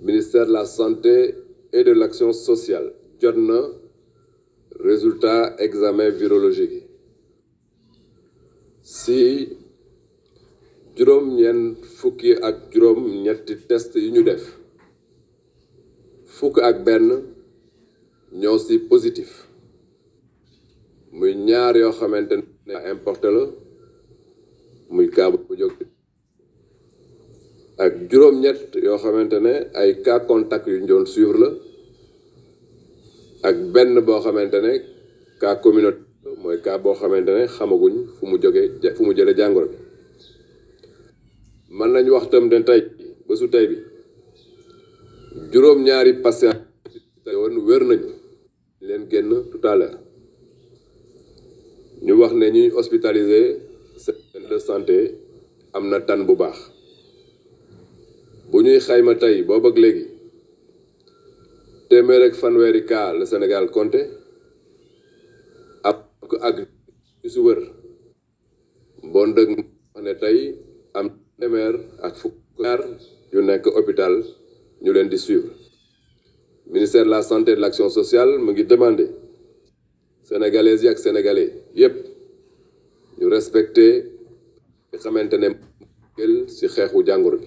ministère de la santé et de l'action sociale jot na résultat examen virologique yi si juróom-ñeent fukki ak juróom-ñetti test yu ñu def fukk ak benn ñoo si positif muy ñaar yoo xamante ne importé la muy kaabu bu jóg ak juróom-ñett yoo xamante ne ay cas contact yu njoon doon la ak benn boo xamante ne cas communauté mooy cas boo xamante ne xamaguñ fu mu jógee fu mu jëlee jàngoro bi mën nañ wax tam ne tey bésu tey bi juróom-ñaari patient woon wér nañu leen génn tout à l'heure ñu wax ne ñuy hospitalisé centre de santé am na tan bu baax bu ñuy xayma tey boobu ak léegi téeméer ak fanweeri cas la Sénégal compté ak ak su wër bon dëgg wax ne tey am téeméer ak fukk ñaar yu nekk hôpital ñu leen di suivre ministère la santé de l'action sociale mu ngi demandé sénégalaises yi ak sénégalais yépp ñu respecté nga xamante ne jël ci xeexu jàngoro bi